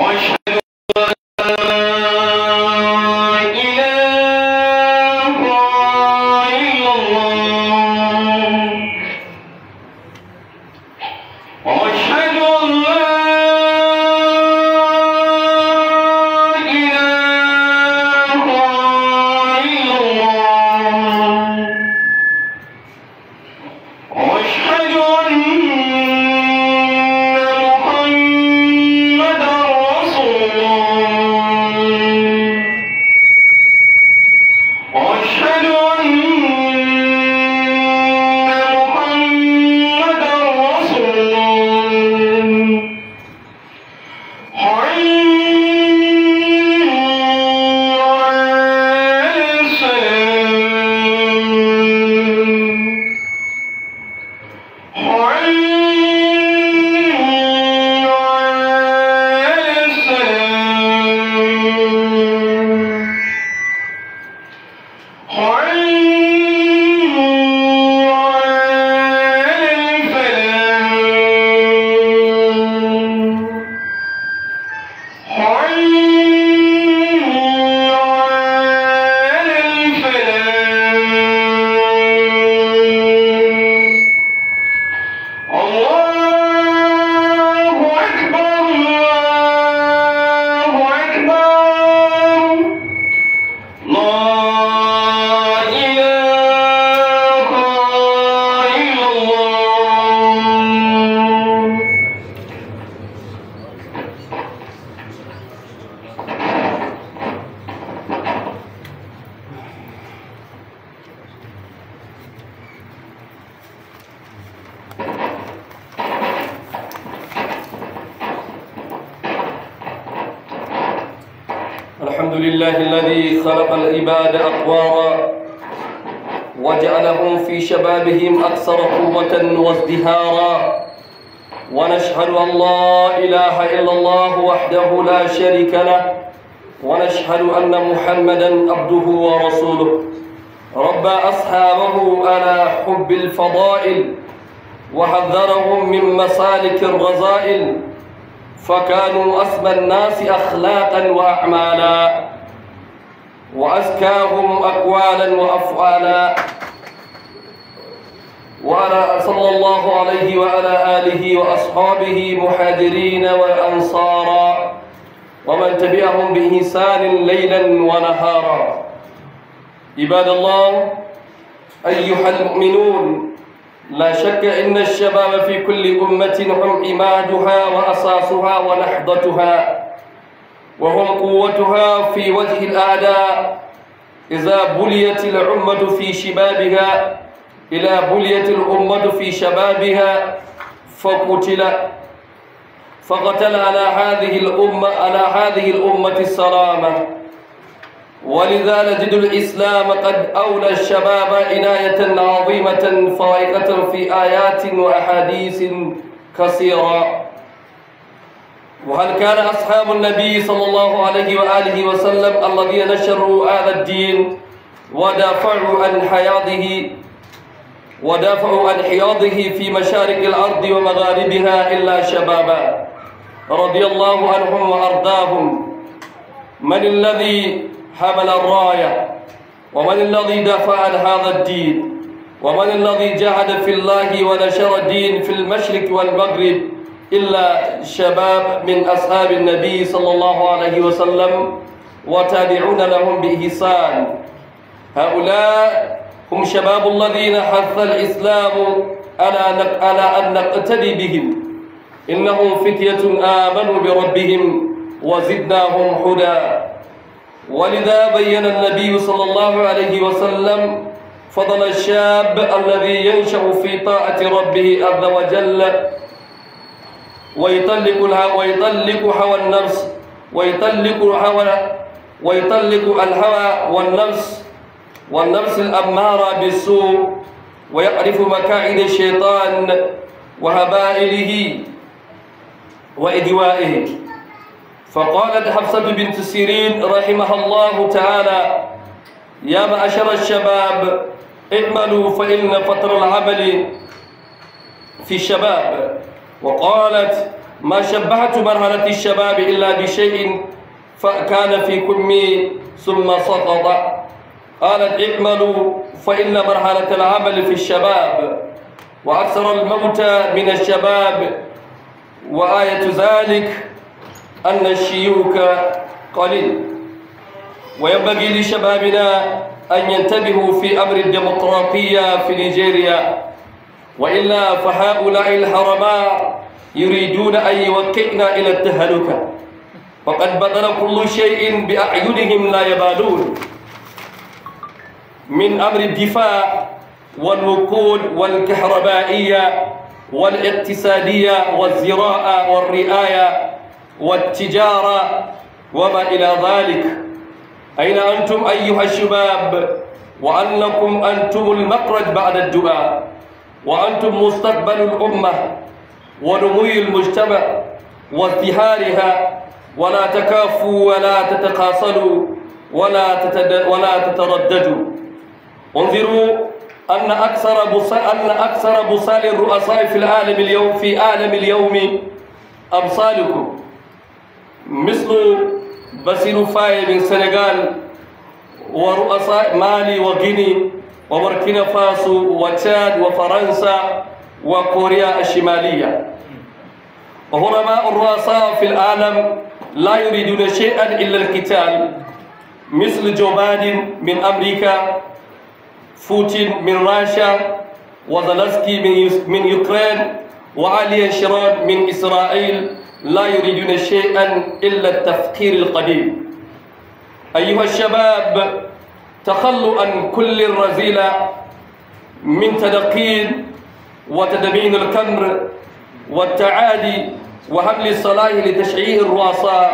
Moin. Hoi! ونشهد أن لا إله إلا الله وحده لا شريك له ونشهد أن محمدا عبده ورسوله رب أصحابه على حب الفضائل وحذرهم من مسالك الرذائل فكانوا أسمى الناس أخلاقا وأعمالا وأزكاهم أقوالا وأفعالا وعلى صلى الله عليه وعلى آله وأصحابه مهاجرين وأنصارا ومن تبعهم بإحسان ليلا ونهارا عباد الله أيها المؤمنون لا شك إن الشباب في كل أمة هم عمادها وأساسها ونحضتها وهم قوتها في وجه الأعداء إذا بليت العمة في شبابها إلى بلية الأمة في شبابها فقتل فقتل على هذه الأمة على هذه الأمة السلامة ولذا نجد الإسلام قد أولى الشباب عناية عظيمة فائقة في آيات وأحاديث كثيرة وهل كان أصحاب النبي صلى الله عليه وآله وسلم الذين نشروا هذا الدين ودافعوا عن حياته ودافعوا عن حياضه في مشارق الأرض ومغاربها إلا شبابا رضي الله عنهم وأرضاهم من الذي حمل الراية ومن الذي دافع عن هذا الدين ومن الذي جاهد في الله ونشر الدين في المشرق والمغرب إلا شباب من أصحاب النبي صلى الله عليه وسلم وتابعون لهم بإحسان هؤلاء هم شباب الذين حث الإسلام على على أن نقتدي بهم إنهم فتية آمنوا بربهم وزدناهم هدى ولذا بين النبي صلى الله عليه وسلم فضل الشاب الذي ينشأ في طاعة ربه عز وجل ويطلق ويطلق هوى النفس ويطلق هوى ويطلق الهوى والنفس والنفس الأمارة بالسوء ويعرف مكائد الشيطان وهبائله وإدوائه فقالت حفصة بنت سيرين رحمها الله تعالى يا معشر الشباب اعملوا فإن فتر العمل في الشباب وقالت ما شبهت مرحلة الشباب إلا بشيء فكان في كمي ثم سقط قالت اكملوا فإن مرحلة العمل في الشباب وأكثر الموتى من الشباب وآية ذلك أن الشيوك قليل وينبغي لشبابنا أن ينتبهوا في أمر الديمقراطية في نيجيريا وإلا فهؤلاء الحرماء يريدون أن يوقعنا إلى التهلكة وقد بدل كل شيء بأعينهم لا يبالون من أمر الدفاع والوقود والكهربائية والاقتصادية والزراعة والرئاية والتجارة وما إلى ذلك أين أنتم أيها الشباب وأنكم أنتم المقرد بعد الدعاء وأنتم مستقبل الأمة ونمو المجتمع وازدهارها ولا تكافوا ولا تتقاصلوا ولا ولا تترددوا انظروا أن أكثر أن أكثر بصال الرؤساء في العالم اليوم في عالم اليوم أبصالكم مثل بسيل فاي من السنغال ورؤساء مالي وغيني وبوركينا فاسو وتشاد وفرنسا وكوريا الشمالية وهرماء الرؤساء في العالم لا يريدون شيئا إلا القتال مثل جو بادن من أمريكا فوتين من روسيا وزلنسكي من من يوكرين وعلي شراد من إسرائيل لا يريدون شيئا إلا التفكير القديم أيها الشباب تخلوا عن كل الرذيلة من تدقين وتدمين الكمر والتعادي وحمل الصلاه لتشعيع الرؤساء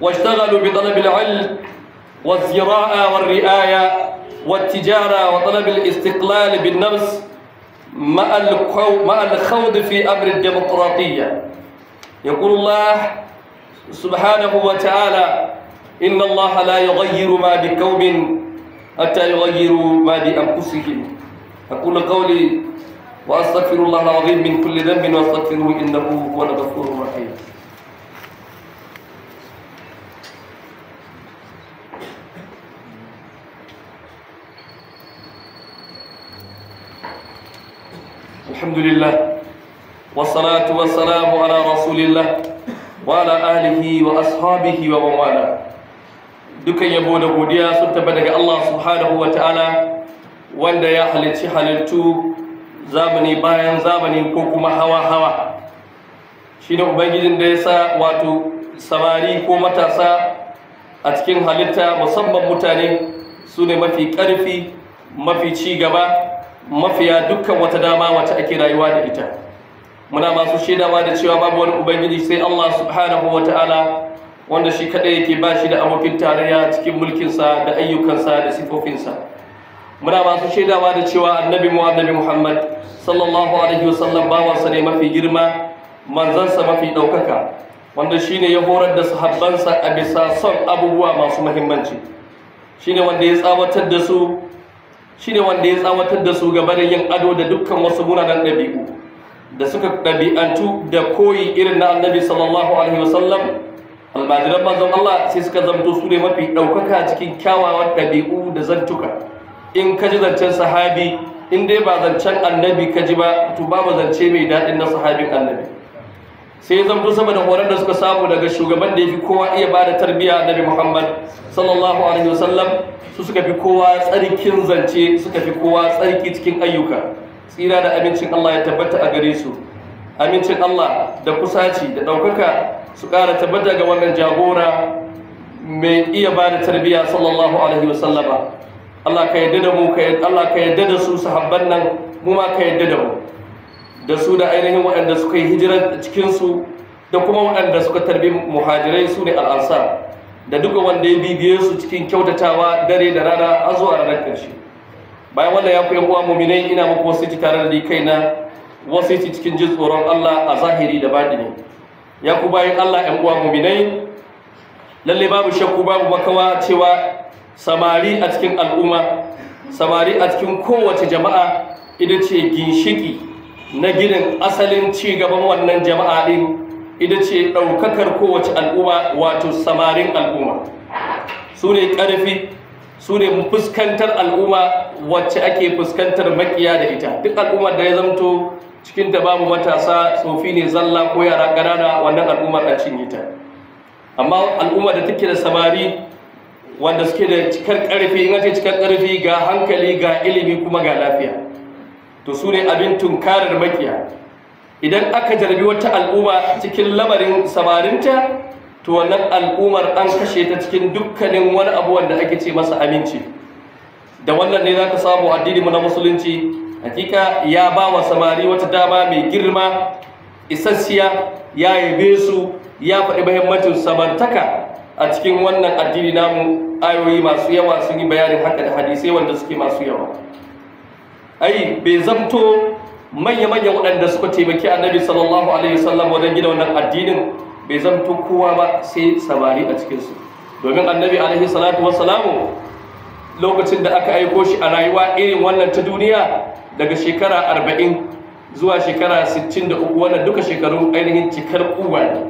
واشتغلوا بطلب العلم والزراعة والرئاية والتجارة وطلب الاستقلال بالنفس مع الخوض في أمر الديمقراطية يقول الله سبحانه وتعالى إن الله لا يغير ما بقوم حتى يغيروا ما بأنفسهم أقول قولي وأستغفر الله العظيم من كل ذنب وأستغفره إنه هو الغفور الرحيم الحمد لله والصلاة والسلام على رسول الله dukan yabo da godiya sun taba daga Allah subhanahu wa ta'ala wanda ya halicci halittu zamani bayan zamani ko kuma hawa-hawa shi ne ubangijin da ya sa wato samari ko matasa a cikin halitta musamman mutane su ne mafi ƙarfi mafi ci gaba mafiya dukkan wata dama wata ake rayuwa da ita muna masu shaidawa da cewa babu wani ubangiji sai Allah subhanahu wa ta'ala wanda shi kadai yake ba shi da abokin tarayya cikin sa da ayyukansa da sifofinsa muna masu shaidawa da cewa annabi mu annabi muhammad sallallahu alaihi wasallam bawansa ne mafi girma manzansa mafi ɗaukaka wanda shine ya horar da sahabbansa a bisa son abubuwa masu muhimmanci shine wanda ya tsawatar da su shine wanda ya tsawatar da su gaba da yin ado da dukkan wasu munanan ɗabi'u da suka ɗabi'antu da koyi irin na annabi sallallahu alaihi wasallam almajiran manzon Allah sai suka zamto su ne mafi ɗaukaka cikin kyawawan ɗabi'u da zantuka in ka ji zancen sahabi in dai ba zancen annabi ka ji ba to babu zance mai daɗin na sahabin annabi sai zamto saboda horon da suka samu daga shugaban da ya fi kowa iya ba da tarbiyya nabi muhammad sallallahu alaihi wasallam su suka fi kowa tsarkin zance suka fi kowa tsarki cikin ayyuka tsira da amincin allah ya tabbata a gare su amincin allah da kusaci da ɗaukaka su ƙara tabbata ga wannan jagora mai iya ba da tarbiyya sallallahu alaihi wasallama Allah ka yadda da mu Allah ka yadda da su sahabban nan mu ma ka yadda da mu da su da ainihin waɗanda suka yi hijiran cikinsu da kuma waɗanda suka tarbi muhajirai su ne al'ansar da duka wanda ya bibiye su cikin kyautatawa dare da rana a zuwa ranar ƙarshe bayan wannan ya kuyan uwa muminai ina muku ci tare da ni kaina ci cikin jin tsoron Allah a zahiri da baɗini ya ku bayan Allah ƴan uwa muminai lalle babu shakku babu makawa cewa samari a cikin al'umma samari a cikin kowace jama'a ita ce ginshiki na gidan asalin ci gaban wannan jama'a din ita ce ɗaukakar kowace al'umma wato samarin al'umma su ne ƙarfi su ne fuskantar al'umma wacce ake fuskantar makiya da ita duk al'ummar da ya zamto cikin da babu matasa tsofi ne zalla ko yara ƙanana wannan al'ummar a cinye ta amma al'ummar da take da samari wanda suke da cikar ƙarfi in ce cikar ƙarfi ga hankali ga ilimi kuma ga lafiya to su ne abin tunkarar makiya idan aka jarbi wata al'umma cikin lamarin samarinta to wannan al'ummar an kashe ta cikin dukkanin wani abu wanda ake ce masa aminci da wannan ne zaka samu mu na musulunci hakika ya ba wa samari wata dama mai girma isassiya ya yabe su ya faɗi muhimmancin samartaka a cikin wannan addini namu ayoyi masu yawa sun yi bayanin haka da hadisai wanda suke masu yawa ai bai zamto manya-manya waɗanda suka taimaki annabi sallallahu alaihi wasallam wajen gina wannan addinin bai zamto kowa ba sai samari a cikinsu domin annabi alaihi salatu wasalamu lokacin da aka aiko shi a rayuwa irin wannan ta duniya daga shekara arba'in zuwa shekara sittin da uku wannan duka shekaru ainihin cikar kuwa ne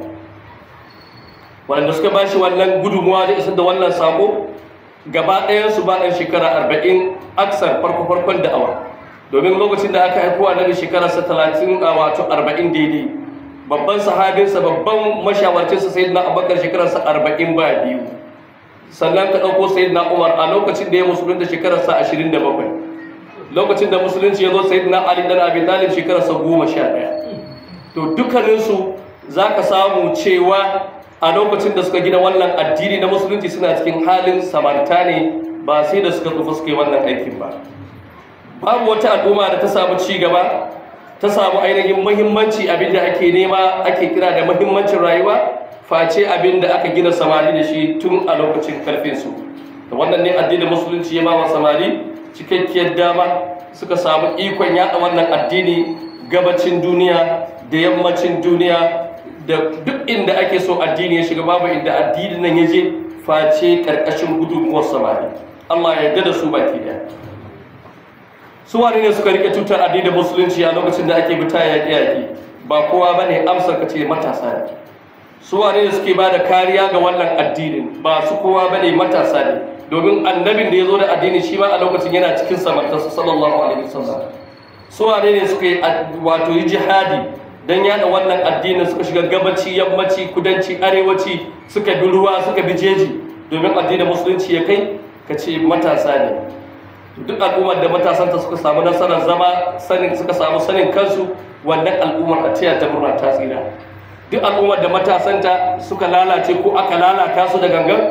waɗanda suka ba shi wannan gudunmuwa da isar da wannan sako gaba su ba ɗan shekara arba'in aksar farko-farkon da'awa domin lokacin da aka haifuwa na sa talatin a wato arba'in daidai babban sahabinsa babban mashawarcinsa sai na abakar sa arba'in ba biyu sannan ka ɗauko sai na umar a lokacin da ya musulunta sa ashirin da bakwai lokacin da musulunci ya zo sai na ali dan abi talib sa goma sha ɗaya to dukkaninsu za ka samu cewa a lokacin da suka gina wannan addini na musulunci suna cikin halin samarta ne ba sai da suka tsufa suke wannan aikin ba babu wata al'umma da ta samu ci gaba ta samu ainihin muhimmanci abin da ake nema ake kira da muhimmancin rayuwa face abin da aka gina samari da shi tun a lokacin su da wannan ne addinin musulunci ya ba samari cikakkiyar dama suka samu ikon yada wannan addini gabacin duniya da yammacin duniya da duk inda ake so addini ya shiga babu inda addini nan ya je face karkashin gudunmuwar samari Allah ya yarda da su baki daya su wane ne suka rike tutar addinin musulunci a lokacin da ake fita yaƙi yaƙi ba kowa bane amsar ka ce matasa ne su wane ne suke bada kariya ga wannan addinin ba su kowa bane matasa ne domin annabin da ya zo da addini shi ma a lokacin yana cikin samartarsa sallallahu alaihi wasallam su wane ne suka yi wato yi jihadi don yada wannan addinin suka shiga gabaci yammaci kudanci arewaci suka bi ruwa suka bi jeji domin addinin musulunci ya kai ka ce matasa ne duk al'ummar da matasanta suka samu nasarar zama sanin suka samu sanin kansu wannan al'ummar a tiyar ta murna ta tsira duk al'ummar da matasanta suka lalace ko aka lalata su da gangan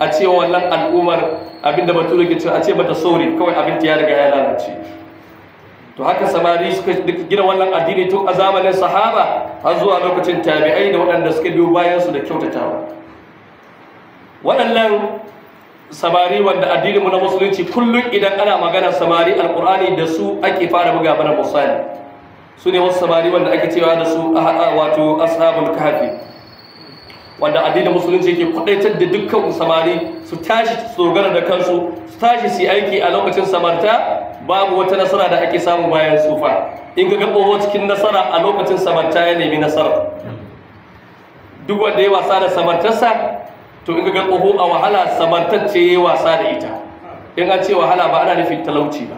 a ce wannan al'ummar abinda bature ke cewa a ce bata sauri kawai abin ta ya riga ya lalace to haka samari suka gina wannan addini tun a zamanin sahaba har zuwa lokacin tabi'ai da waɗanda suka biyo bayansu da kyautatawa waɗannan samari wanda addininmu na musulunci kullum idan ana magana samari alkur'ani da su ake fara buga bana musali su ne wasu samari wanda ake cewa da su a wato ashabul kafi wanda addinin musulunci yake kudaitar da dukkan samari su tashi su dogara da kansu su tashi su yi aiki a lokacin samarta babu wata nasara da ake samu bayan sufa in ka gaɓo cikin nasara a lokacin samarta ya nemi nasara duk wanda ya wasa da samartarsa to in ka gaɓo a wahala samartacce ya wasa da ita in an ce wahala ba ana nufin talauci ba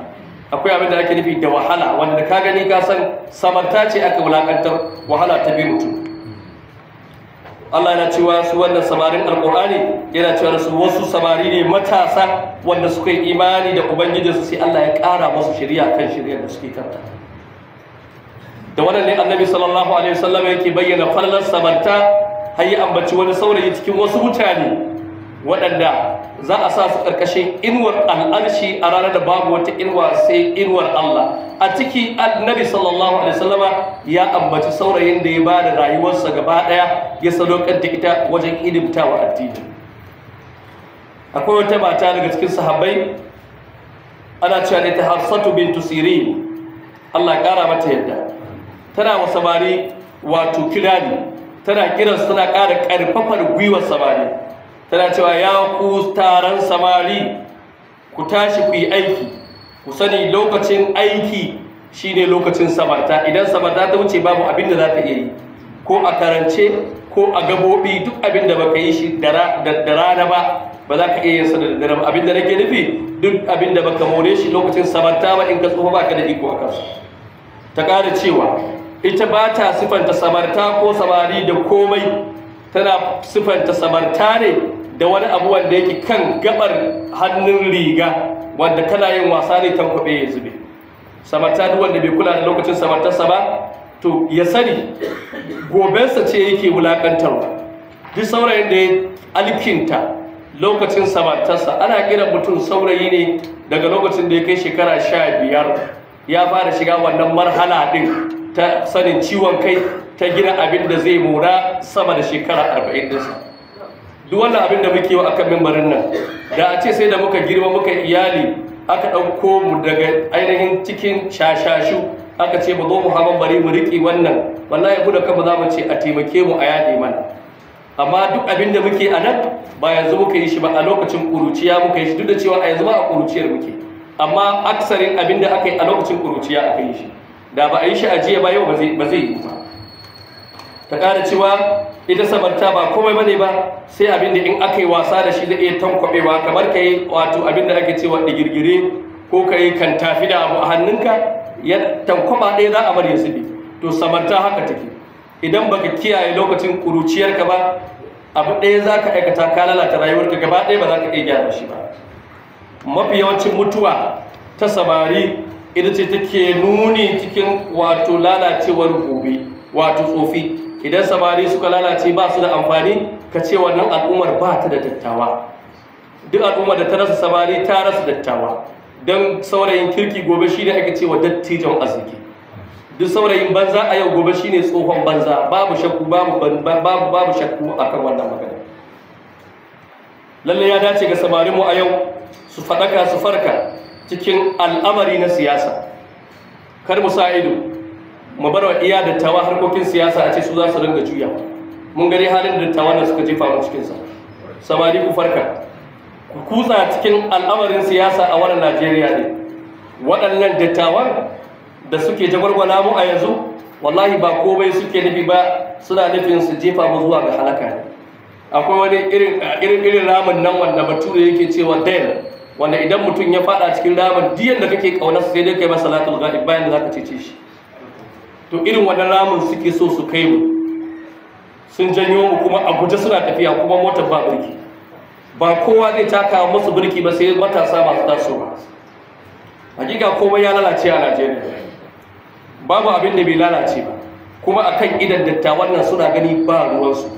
akwai abin da ake nufi da wahala wanda ka gani ka san samarta ce aka wulakantar wahala ta biyu mutum Allah yana cewa su wannan samarin alkur'ani yana cewa su wasu samari ne matasa wanda suka yi imani da su sai Allah ya ƙara musu shari'a kan shari'ar da suke karta. da wannan ne annabi sallallahu alaihi wasallam yake bayyana fallan samarta har ya ambaci wani saurayi cikin wasu mutane waɗanda za a sa su ƙarƙashin inuwar al'arshi a ranar da babu wata inuwa sai inuwar Allah a ciki annabi sallallahu alaihi wasallama ya ambaci saurayin da ya ba da rayuwarsa gaba ɗaya ya sadaukar da ita wajen ilimtawa addini akwai wata mata daga cikin sahabbai ana cewa ne ta hafsatu bintu sirin Allah ƙara mata yadda tana wa samari wato kirani tana kiransu tana ƙara ƙarfafar gwiwar samari tana cewa ya ku taron samari ku tashi ku yi aiki ku sani lokacin aiki shine lokacin samarta idan samarta ta wuce babu abin da za ta iya yi ko a karance ko a gabobi duk abin da baka yi shi da rana ba ba za ka iya yin da rana. abin da nake nufi duk abin da baka more shi lokacin samarta ba in ka tsufa baka da iko a kansu ta ƙara cewa ita ba ta siffanta samarta ko samari da komai tana sifanta samarta ne da wani abu wanda yake kan gabar hannun riga wanda kana yin wasa ne ta kuɓe-kuɓe ya zube samarta duk wanda bai kula da lokacin samartarsa ba to ya sani gobensa ce yake wulakantarwa duk saurayin da ya alkinta lokacin samartarsa ana kira mutum saurayi ne daga lokacin da ya kai shekara sha biyar ya fara shiga wannan marhala din ta sanin ciwon kai ta gina abin da zai mora sama da shekara arba'in dinsa duk wannan abin da muke yi a kan mimbarin nan da a ce sai da muka girma muka iyali aka ɗauko mu daga ainihin cikin shashashu aka ce mu zo mu haman bari mu riƙe wannan wallahi ku da kanmu za mu ce a taimake mu a yadi mana amma duk abin da muke a nan ba yanzu muka yi shi ba a lokacin ƙuruciya muka yi shi duk da cewa a yanzu ba a ƙuruciyar muke amma aksarin abin da aka yi a lokacin ƙuruciya aka yi shi da ba a yi shi a jiya ba yau ba zai yi ba ta ƙara cewa ita samarta ba komai bane ba sai abin da in aka yi wasa da shi da iya tankwabewa kamar ka yi wato abin da ake cewa digirgire ko ka yi kan tafi da abu a hannunka ya tankwaba ɗaya za a bar ya sibi. to samarta haka take idan baka kiyaye lokacin ƙuruciyarka ba abu ɗaya za ka aikata ka lalata rayuwarka gaba ɗaya ba za ka iya gyara shi ba mafi yawancin mutuwa ta samari ita ce take nuni cikin wato lalacewar gobe wato tsofi idan samari suka lalace ba su da amfani ka ce wannan al'ummar ba ta da dattawa duk al'ummar da ta rasa samari ta rasa dattawa don saurayin kirki gobe shi ne ake wa dattijan arziki duk saurayin banza a yau gobe shi ne tsohon banza babu shakku babu shakku a kan wannan magana Lallai ya dace ga samarin mu a yau su faɗaka su farka cikin al'amari na siyasa kar mu sa ido mu bar wa iya dattawa harkokin siyasa a ce su za su ringa juya mun gani halin da dattawa na suka jefa mu cikinsa samari ku farka ku kutsa cikin al'amarin siyasa a wannan najeriya ne waɗannan dattawan da suke jagwargwala mu a yanzu wallahi ba komai suke nufi ba suna nufin su jefa mu zuwa ga halaka ne akwai wani irin irin ramin nan wanda bature yake cewa dale wanda idan mutum ya fada cikin ramin diyan da kake kauna sai dai kai masa salatul ghaib bayan da zaka cece shi to irin wannan ramin suke so su kai mu sun janyo mu kuma a guje suna tafiya kuma motar ba birki ba kowa zai taka musu birki ba sai matasa masu tasowa hakika komai ya lalace a Najeriya babu abin da bai lalace ba kuma akan idan dattawan nan suna gani ba ruwan su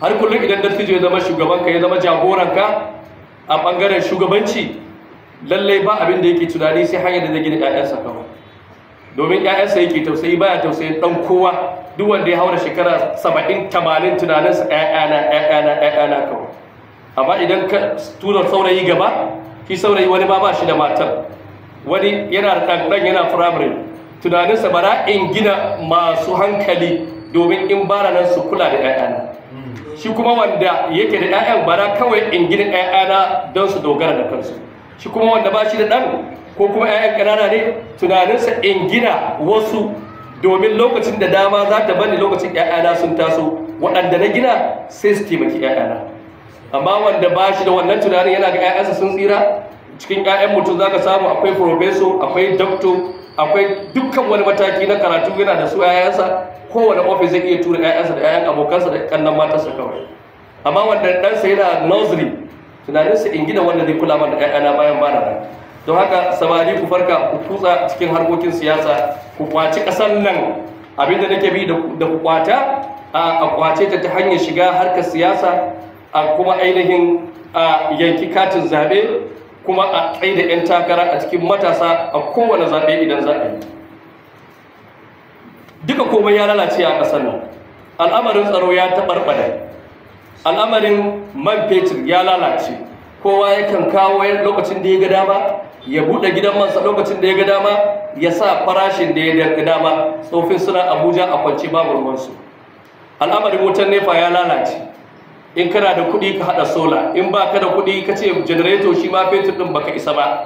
har kullum idan dattijo ya zama shugabanka ya zama jagoranka a ɓangaren shugabanci lallai ba abin da yake tunani sai hanyar da zai gina 'ya'yansa kawai domin 'ya'yansa yake tausayi baya tausayin ɗan kowa duk wanda ya haura shekara saba'in tamanin tunaninsa 'ya'yana 'ya'yana 'ya'yana kawai amma idan ka tura saurayi gaba shi saurayi wani ma ba shi da matar wani yana da ɗanɗan yana firamare tunaninsa bara in gina masu hankali domin in bara nan su kula da 'ya'yana shi kuma wanda yake da 'ya'yan bara kawai in gina 'ya'yana don su dogara da kansu shi kuma wanda ba shi da ɗan ko kuma 'ya'yan ƙanana ne tunaninsa in gina wasu domin lokacin da dama za ta bani lokacin 'ya'yana sun taso waɗanda na gina sai su taimaki 'ya'yana amma wanda ba shi da wannan tunanin yana ga 'ya'yansa sun tsira cikin 'ya'yan mutum za ka samu akwai profeso akwai doctor akwai dukkan wani mataki na karatu yana da su 'ya'yansa kowane ofis zai iya tura 'ya'yansa da 'ya'yan abokansa da kannan matarsa kawai amma wanda ɗansa yana nursery tunaninsa in gina wanda zai kula mana da 'ya'yana bayan bana ba. don haka samari ku farka ku kutsa cikin harkokin siyasa ku kwaci ƙasar nan abinda nake bi da ku kwata a kwace ta ta hanyar shiga harkar siyasa a kuma ainihin yanki katin zaɓe kuma a tsaye da 'yan takara a cikin matasa a kowane zaɓe idan za yi duka komai ya lalace a ƙasar nan al'amarin tsaro ya taɓarɓada al'amarin man fetur ya lalace kowa yakan kawo lokacin da ya ga dama ya buɗe gidan mansa lokacin da ya ga dama ya sa farashin da ya ga dama tsofin suna abuja a kwance babu ruwansu al'amarin wutan nefa ya lalace in kana da kuɗi ka haɗa sola in ba ka da kuɗi ka ce janareto shi ma fetur ɗin baka isa ba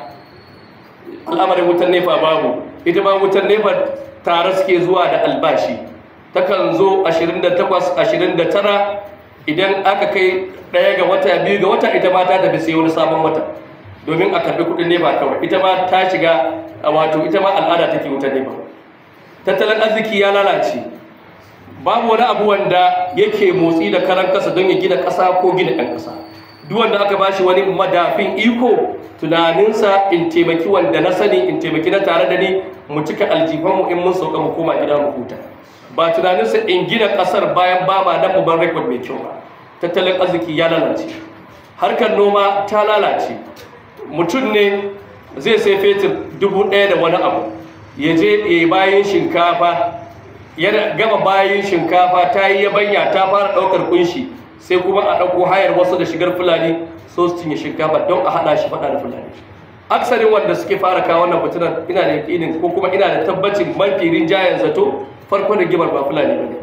al'amarin wutar nefa babu ita ba wutar nefa tare suke zuwa da albashi takan zo 28 29 idan aka kai ɗaya ga wata biyu ga wata ita ma ta tafi sai wani sabon wata domin a karɓi kuɗin nefa kawai ita ma ta shiga wato ita ma al'ada take wutar nefa tattalin arziki ya lalace babu wani abu wanda yake motsi da karan kasa don ya gina kasa ko gina ɗan kasa, duk wanda aka ba shi wani madafin iko tunaninsa in taimaki wanda na sani in taimaki na tare da ni mu cika mu in mun sauka mu koma gida mu huta ba tunaninsa in gina kasar bayan ba ma dan mu ban record mai kyau ba tattalin arziki ya lalace harkar noma ta lalace mutum ne zai sai fetur dubu ɗaya da wani abu ya je bayan shinkafa yana gama bayan shinkafa ta yi yabanya ta fara ɗaukar kunshi sai kuma a ɗauko hayar wasu da shigar fulani so su cinye shinkafa don a haɗa shi faɗa da fulani aksarin wanda suke fara kawo wannan fitinar ina da yakinin ko kuma ina da tabbacin mafi rinjayen zato farko da gibar ba fulani ba ne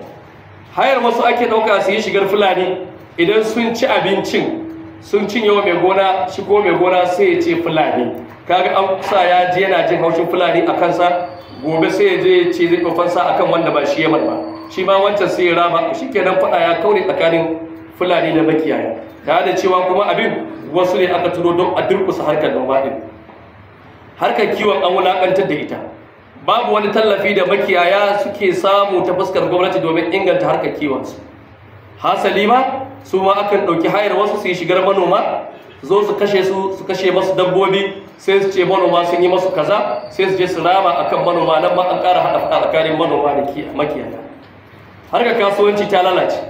hayar wasu ake ɗauka su yi shigar fulani idan sun ci abincin sun cinye wa mai gona shi ko mai gona sai ya ce fulani kaga an kusa ya ji yana jin haushin fulani a kansa gobe sai ya je ya ce zai ɗaufansa akan wanda ba shi yaman ba shi ma wancan sai ya rama shi kenan faɗa ya kaure tsakanin fulani da makiyaya tare da cewa kuma abin wasu ne aka turo don a durkusa harkar noma ɗin harkar kiwon an wulaƙantar da ita babu wani tallafi da makiyaya suke samu ta fuskar gwamnati domin inganta harkar kiwonsu hasali ma su ma akan ɗauki hayar wasu su yi shigar manoma zo su kashe su su kashe masu dabbobi sai su ce manoma sun yi masu kaza sai su je su rama akan manoma nan ma an ƙara haɗa faɗa tsakanin manoma da makiyaya ga kasuwanci ta lalace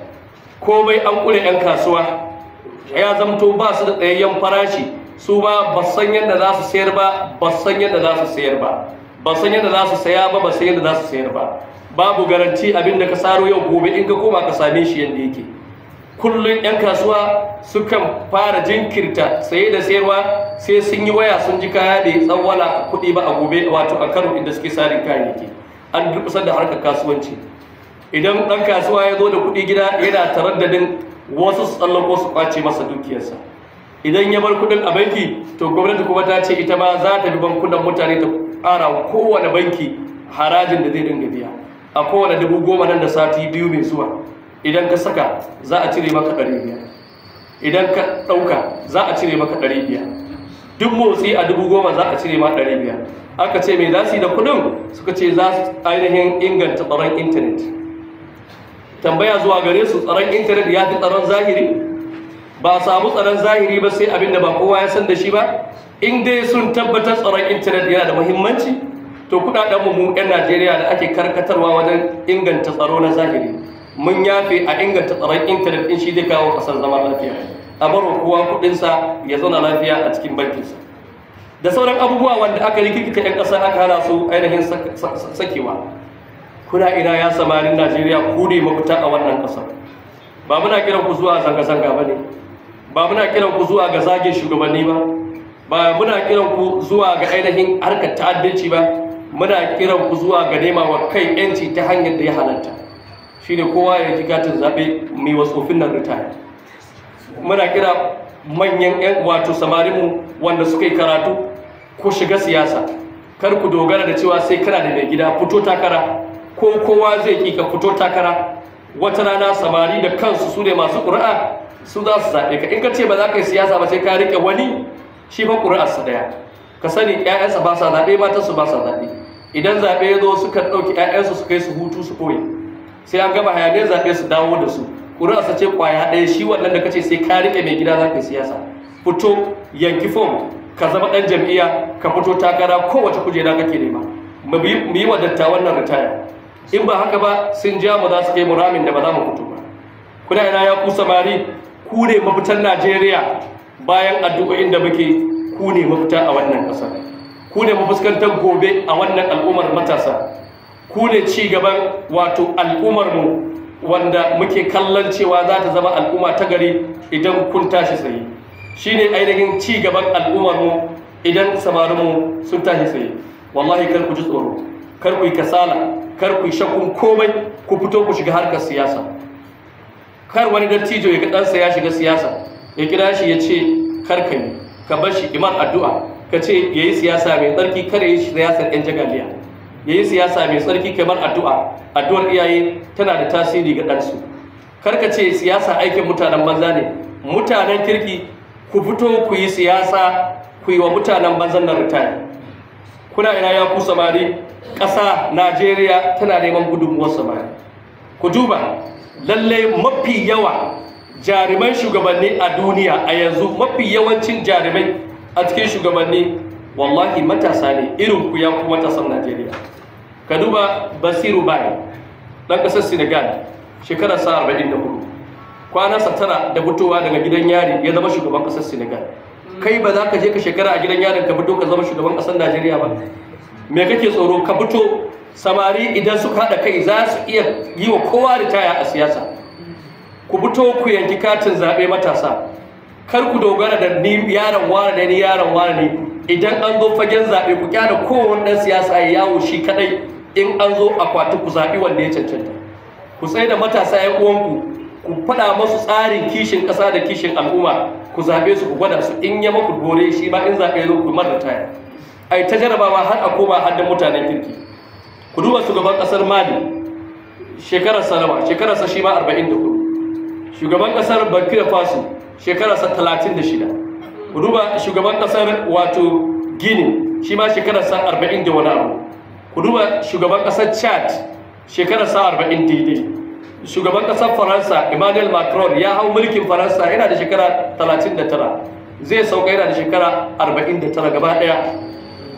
komai an ƙure 'yan kasuwa ya zamto ba su da tsayayyen farashi su ba ba san yadda za su sayar ba ba san yadda za su sayar ba ba san yadda za su saya ba ba san yadda za su sayar ba babu garanti abin da ka saro yau gobe in ka koma ka same shi yadda yake kullum 'yan kasuwa sukan fara jinkirta saye da sayarwa sai sun yi waya sun ji kaya da ya tsawwala kuɗi ba a gobe wato a kano inda suke sarin kayayyaki an durƙusar da harkar kasuwanci idan ɗan kasuwa ya zo da kuɗi gida yana taraddadin wasu su tsallako su ɓace masa dukiyarsa idan ya bar kuɗin a banki to gwamnati kuma ta ce ita ma za ta bi bankunan mutane ta ƙara kowane banki harajin da zai dinga biya a kowane dubu goma nan da sati biyu mai zuwa idan ka saka za a cire maka ɗari biyar idan ka ɗauka za a cire maka ɗari biyar duk motsi a dubu goma za a cire ma ɗari biyar aka ce mai za su yi da kuɗin suka ce za su ainihin inganta tsaron intanet tambaya zuwa gare su tsaron intanet ya fi tsaron zahiri ba a samu tsaron zahiri ba sai abin da ba kowa ya san da shi ba in dai sun tabbatar tsaron intanet yana da muhimmanci to kuɗaɗen mu 'yan najeriya da ake karkatarwa wajen inganta tsaro na zahiri mun yafe a inganta tsaron intanet din shi zai kawo kasar zama lafiya a baro kowa kudinsa ya zauna lafiya a cikin bankinsa da sauran abubuwa wanda aka rikikita 'yan kasa aka hana su ainihin sakewa kuna ina ya samarin najeriya ku ne mafita a wannan ƙasar ba muna kiran ku zuwa zanga-zanga ba ne ba muna kiran ku zuwa ga zagin shugabanni ba ba muna kiran ku zuwa ga ainihin harkar ta'addanci ba muna kiran ku zuwa ga nema wa kai 'yanci ta hanyar da ya halatta Shi ne kowa ya ji katin zaɓe mai wasofin nan ritaya muna kira manyan 'yan wato samarinmu wanda suka yi karatu ko shiga siyasa kar ku dogara da cewa sai kana da mai gida fito takara ko kowa zai kika fito takara wata rana samari da kansu su ne masu ƙuri'a su za su zaɓe ka in ka ce ba za ka yi siyasa ba sai ka riƙe wani shi fa ƙuri'arsa ɗaya ka sani 'ya'yansa ba sa zaɓe matansu ba sa zaɓe idan zaɓe ya zo suka ɗauki 'ya'yansu su kai su hutu su koyi sai an gama hayaniyar zaɓe su dawo da su a sace ƙwaya ɗaya shi wannan da kace sai ka riƙe mai gida za ka siyasa fito yanki fom ka zama ɗan jam'iyya ka fito takara kowace kujera kake nema mu yi wa dattawan nan ritaya in ba haka ba sun ja mu za su kai muramin da ba za mu fito ba kuna ina ya kusa samari ku ne mafitan najeriya bayan addu'o'in da muke ku ne mafita a wannan ƙasa ku ne mafuskantar gobe a wannan al'ummar matasa ku ne ci gaban wato al'ummarmu wanda muke kallon cewa za ta zama al'umma ta gari idan kun tashi tsaye ne ainihin ci gaban mu idan samarinmu sun tashi tsaye wallahi kar ku ji tsoro kar ku yi kasala kar ku yi shakkun komai ku fito ku shiga harkar siyasa kar wani dattijo ya ga ɗansa ya shiga siyasa ya kira shi ya ce kar ka yi ka bar shi iman addu'a ka ce ya yi siyasa mai tsarki kar ya yi siyasar 'yan jagaliya ya yi siyasa mai tsarki kamar addu'a addu'ar iyaye tana da tasiri ga ɗansu karka ce siyasa aikin mutanen banza ne mutanen kirki ku fito ku yi siyasa ku yi wa mutanen banzan na ritaya kuna ina ya ku samari ƙasa najeriya tana neman gudunmuwar samari ku duba lallai mafi yawa jariman shugabanni a duniya a yanzu mafi yawancin jarumai a cikin shugabanni wallahi matasa ne irin ku ya ku matasan najeriya ka duba basiru bai ɗan ƙasar senegal shekarar sa hudu. kwanansa tara da fitowa daga gidan yari ya zama shugaban ƙasar senegal kai ba za ka je ka shekara a gidan yarin ka fito ka zama shugaban ƙasar najeriya ba me kake tsoro ka fito samari idan suka haɗa kai za su iya yi wa kowa ritaya a siyasa ku fito ku yanki katin zaɓe matasa kar ku dogara da ni yaron wane ne ni yaron wane ne idan an zo fagen zaɓe ku kyara kowane ɗan siyasa ya yawo shi kadai in an zo akwati ku zaɓi wanda ya cancanta ku tsaye da matasa yan uwanku ku faɗa masu tsarin kishin ƙasa da kishin al'umma ku zaɓe su ku gwada su in ya maku gore shi ba in zaɓe zo ku mara taya ai ta jarabawa har a koma da mutanen kirki ku duba shugaban ƙasar mali shekarar salama shekarar sa shi ma kudu shugaban ƙasar burkina faso shekarar sa talatin da shida. kuduba shugaban kasar wato gini shi ma shekarar sa arba'in da wani abu kuduba shugaban kasar chad shekarar sa arba'in daidai shugaban kasar faransa emmanuel macron ya hau mulkin faransa yana da shekara 39. zai sauka yana da shekara 49 da gaba daya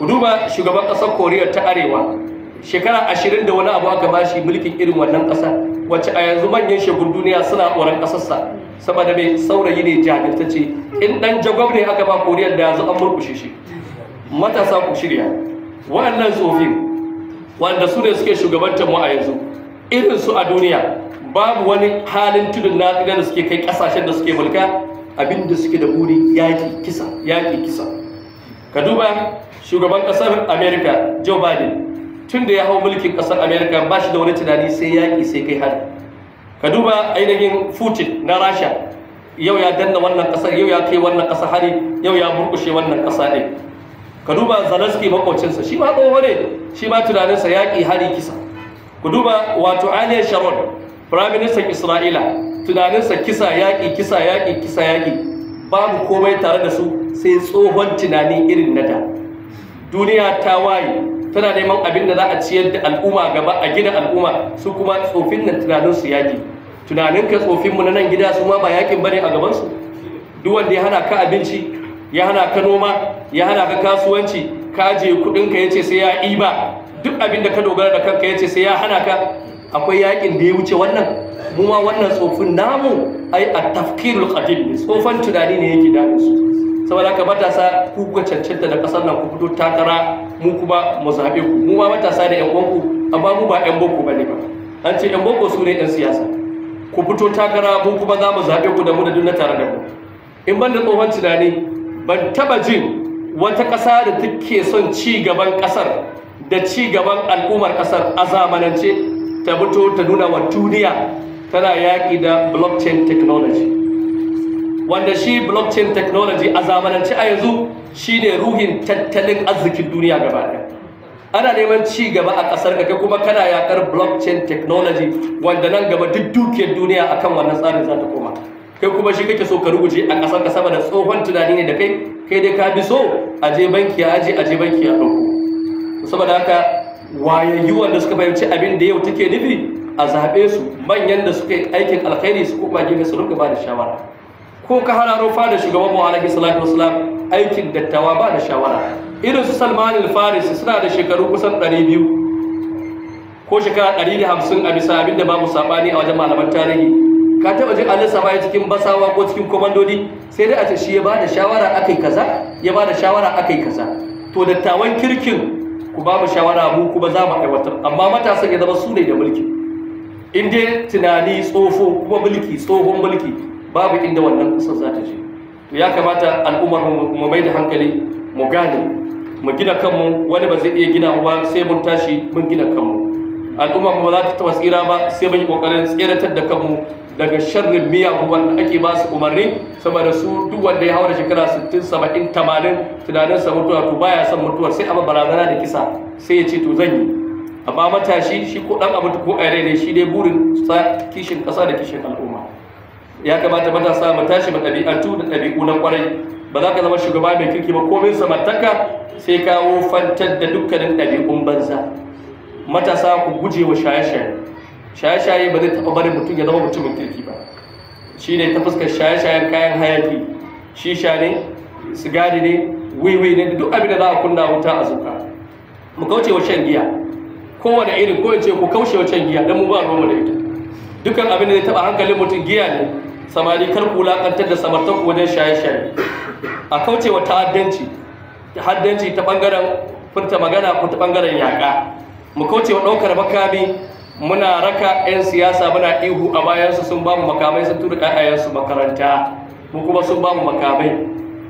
kuduba shugaban kasar koriya ta arewa shekara 20 da wani abu aka bashi mulkin irin wannan kasar wacce a yanzu manyan shegun duniya suna tsoron ƙasarsa saboda mai saurayi ne jajirtacce in ɗan jagwab ne aka ba koriyar da yanzu an murkushe shi matasa ku shirya wa'annan tsofin wanda su ne suke shugabantar mu a yanzu irin su a duniya babu wani halin tudun na da suke kai ƙasashen da suke mulka abinda suke da buri yaƙi kisa yaƙi kisa ka duba shugaban ƙasar america joe biden tun da ya hau mulkin ƙasar america ba shi da wani tunani sai yaƙi sai kai hari ka duba ainihin putin na rasha yau ya danna wannan ƙasar yau ya kai wannan ƙasa hari yau ya burkushe wannan ƙasa ne ka duba zelensky makocinsa shi ma tsohon ne shi ma tunaninsa yaƙi hari kisa ku duba wato aliya sharon firaministan isra'ila tunaninsa kisa yaƙi kisa yaƙi kisa yaƙi babu komai tare da su sai tsohon tunani irin na da duniya ta waye tana neman abin da za a ciyar da al'umma gaba a gina al'umma su kuma tsofin nan tunanin su yaki tunanin ka tsofin mu na nan gida su ma ba yakin bane a gaban su duk wanda ya hana ka abinci ya hana ka noma ya hana ka kasuwanci ka je kudin ka yace sai ya iba duk abin da ka dogara da kanka yace sai ya hana ka akwai yakin da ya wuce wannan mu ma wannan tsofin namu ai a tafkirul qadim tsofan tunani ne yake damu su saboda haka matasa ku ku cancanta da kasar nan ku fito takara mu kuma mu zaɓe ku mu ma matasa da 'yan uwanku amma mu ba 'yan boko ba ne ba an ce 'yan boko su ne 'yan siyasa ku fito takara mu kuma za mu zaɓe ku da mu da duk na tare da mu in ban da tsohon tunani ban taba jin wata ƙasa da take son ci gaban ƙasar da ci gaban al'ummar ƙasar a zamanance ta fito ta nuna wa duniya tana yaƙi da blockchain technology wanda shi blockchain technology a zamanance a yanzu shine ruhin tattalin arzikin duniya gaba ana neman ci gaba a ƙasar ka kuma kana yakar blockchain technology wanda nan gaba duk dukiyar duniya kan wannan tsarin za ta koma kai kuma shi kake so ka rubuce a ƙasar ka sama da tsohon tunani ne da kai kai dai ka bi so a je banki a aje a je banki a ɗauko saboda haka wayayyu wanda suka fahimci abin da yau take nufi a zaɓe su manyan da suka yi aikin alkhairi su kuma gefe su rinka ba da shawara ko ka hana rufa da shugaban mu alaihi salatu wasalam aikin dattawa ba da shawara irin su salman al suna da shekaru kusan 200 ko shekara 150 a bisa abin da babu sabani a wajen malaman tarihi ka taba jin Allah sama cikin basawa ko cikin komandodi sai dai a ce shi ya ba da shawara akai kaza ya ba da shawara akai kaza to dattawan kirkin ku ba mu shawara mu kuma za mu aiwatar amma matasan ya zama su ne da mulki in dai tunani tsofo kuma mulki tsohon mulki babu inda wannan kusan za ta je to ya kamata al'ummar mu mai da hankali mu gane mu gina kanmu wani ba zai iya gina ba sai mun tashi mun gina kanmu al'ummar mu ba za ta taba tsira ba sai mun yi ƙoƙarin tseratar da kanmu daga sharrin miyagun wanda ake ba su umarni saboda su duk wanda ya haura shekara 60 70 80 tunanin sa mutuwa to baya son mutuwar sai a barazana da kisa sai ya ce to zan yi amma matashi shi ko dan abu ko aire ne shi dai burin kishin kasa da kishin al'umma ya kamata matasa mu tashi mu ɗabi'antu da ɗabi'u na kwarai ba za ka zama shugaba mai kirki ba komai samartaka sai kawo fantar da dukkanin ɗabi'un banza matasa ku guje wa shaye-shaye shaye-shaye ba zai taɓa barin mutum ya zama mutumin kirki ba shi ne ta fuskar shaye-shayen kayan hayaki shisha ne sigari ne wiwi ne duk abin da za a kunna wuta a zuka mu kauce wa shan giya kowane irin ko ce ku kauce wa shan giya don mu ba ruwanmu da ita dukkan abin da zai taɓa hankalin mutum giya ne samari kar ku wulakantar da samartar ku wajen shaye-shaye a kaucewa ta'addanci ta'addanci ta bangaren furta magana ko ta bangaren yaƙa mu kauce wa ɗaukar makami muna raka 'yan siyasa muna ihu a bayansu sun ba mu makamai sun tura ƴaƴayensu makaranta mu kuma sun ba mu makamai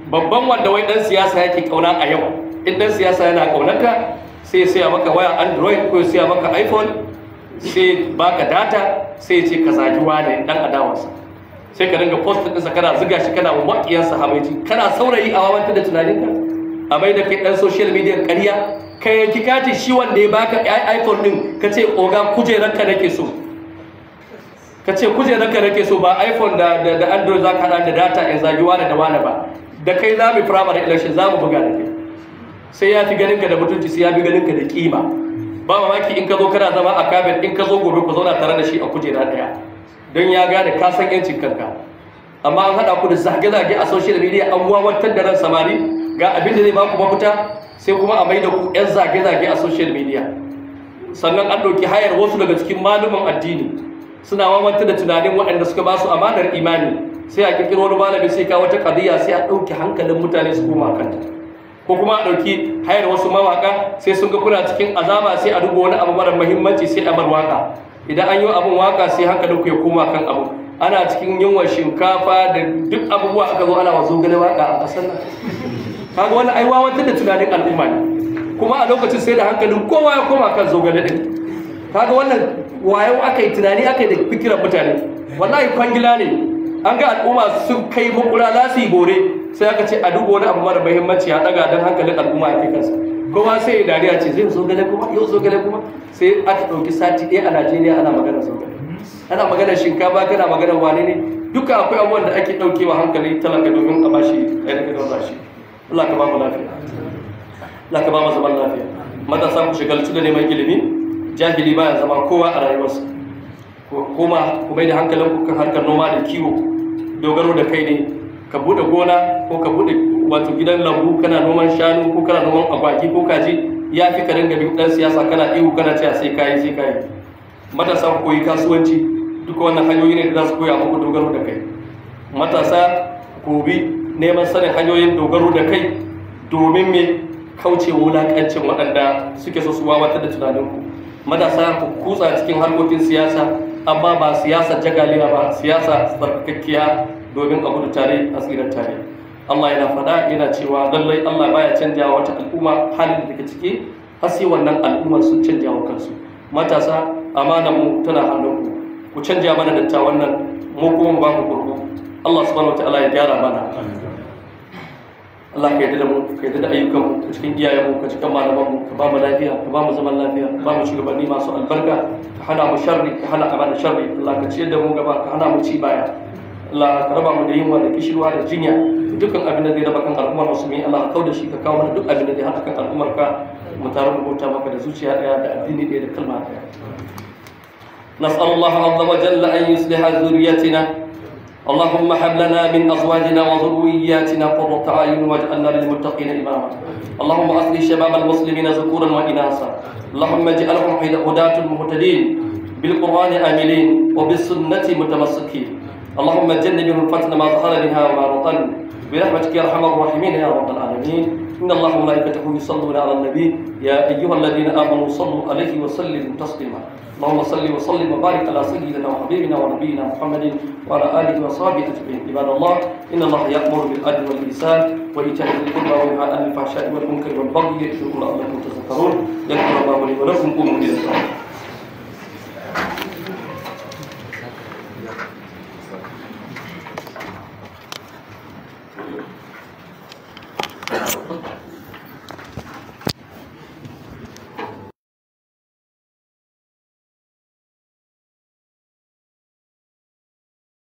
babban wanda wai ɗan siyasa yake ƙauna a yau in ɗan siyasa yana ƙaunarka sai ya maka waya android ko ya maka iphone sai baka data sai ya ce ka zagi wane ɗan adawarsa sai ka dinga post ɗinsa kana zuga shi kana wa sa sahabaici kana saurayi a wawanta da tunaninka a mai da kai ɗan social media ƙarya ka yanki katin shi wanda ya baka iphone ɗin ka ce oga kujeranka nake so ka ce kujeranka nake so ba iphone da da android za ka da data in zagi wani da wani ba da kai za mu primary election za mu buga da kai sai ya fi ganinka da mutunci sai ya fi ganinka da kima ba mamaki in ka zo kana zama a kafet in ka zo gobe ku zauna tare da shi a kujera ɗaya don ya gane ka san yancin kanka amma an haɗa ku da zage-zage a social media an wawantar da ran samari ga abin da zai ba ku mafuta sai kuma a maida ku 'yan zage-zage a social media sannan an ɗauki hayar wasu daga cikin malumin addini suna wawantar da tunanin waɗanda suka ba su amanar imani sai a kirkiro wani malami sai kawo ta kadiyya sai a ɗauki hankalin mutane su koma kanta ko kuma a ɗauki hayar wasu mawaƙa sai sun ga kuna cikin azama sai a duba wani abu mara muhimmanci sai a bar waka idan an yi abin waka sai hankalin ku ya koma kan abu ana cikin yunwa shinkafa da duk abubuwa aka zo ana wazo gane waka a ƙasar nan kaga wani ai wawantar da tunanin al'umma ne kuma a lokacin sai da hankalin kowa ya koma kan zogale din kaga wannan wayo aka yi tunani aka yi da fikirar mutane wallahi kwangila ne an ga al'umma sun kai makura za su yi bore sai aka ce a duk wani abu mara muhimmanci a ɗaga don hankalin al'umma ya fi kansa kuma sai ya dariya ce zai zo gale kuma yau zo gale kuma sai aka ɗauki sati ɗaya a najeriya ana magana zo ana magana shinkafa kana magana wane ne duka akwai abubuwan da ake wa hankali talaka domin a bashi ainihin don bashi Allah ka ba mu lafiya Allah ka ba mu zaman lafiya matasa ku shigaltu da neman ilimi jahili baya zama kowa a rayuwarsa kuma kuma da hankalinku kan harkar noma da kiwo dogaro da kai ne ka buɗe gona ko ka buɗe wato gidan lambu kana noman shanu ko kana noman agwagi ko kaji ya fi ka dinga siyasa kana ihu kana cewa sai kayi sai kayi matasa ku koyi kasuwanci duk wannan hanyoyi ne da za su koya muku dogaro da kai matasa ku bi neman sanin hanyoyin dogaro da kai domin me kauce wulaƙancin waɗanda suke so su wawatar da tunaninku matasa ku kutsa cikin harkokin siyasa amma ba siyasa jagaliya ba siyasa tsarkakakkiya domin a gudu tare a tsira tare Allah yana faɗa yana cewa lallai Allah baya canja wata al'umma halin da take ciki har sai wannan al'ummar sun canja wa kansu matasa amanar mu tana hannunku ku canja mana ta wannan mu kuma ba mu gurgu Allah subhanahu ta'ala ya gyara mana Allah ka yarda da mu ka yarda da ayyukan mu cikin iyayen mu ka cikin malaman mu ka ba mu lafiya ka ba mu zaman lafiya ka ba mu shugabanni masu albarka ka hana mu sharri ka hana abada sharri Allah ka ciyar da mu gaba ka hana mu ci baya la ka raba mu da yunwa da kishirwa da jinya dukkan abin da zai raba kan al'ummar musulmi Allah ka da shi ka kawo mana duk abin da zai haɗa kan al'ummar ka mu tare mu bauta maka da zuciya ɗaya da addini ɗaya da kalma ɗaya نسأل الله عز وجل أن يصلح ذريتنا اللهم هب لنا من أزواجنا وذرياتنا قرة أعين واجعلنا للمتقين إماما اللهم أصلح شباب المسلمين ذكورا وإناثا اللهم اجعلهم هداة المهتدين بالقرآن آملين وبالسنة متمسكين اللهم جنبه الفتن ما ظهر منها وما بطن برحمتك يا ارحم الراحمين يا رب العالمين ان الله وملائكته يصلون على النبي يا ايها الذين امنوا صلوا عليه وسلموا تسليما اللهم صل وسلم وبارك على سيدنا وحبيبنا ونبينا محمد وعلى اله وصحبه اجمعين عباد الله ان الله يامر بالعدل والاحسان وايتاء ذي القربى وينهى عن الفحشاء والمنكر والبغي يعظكم لعلكم تذكرون يذكر الله لي ولكم قوموا الى الصلاه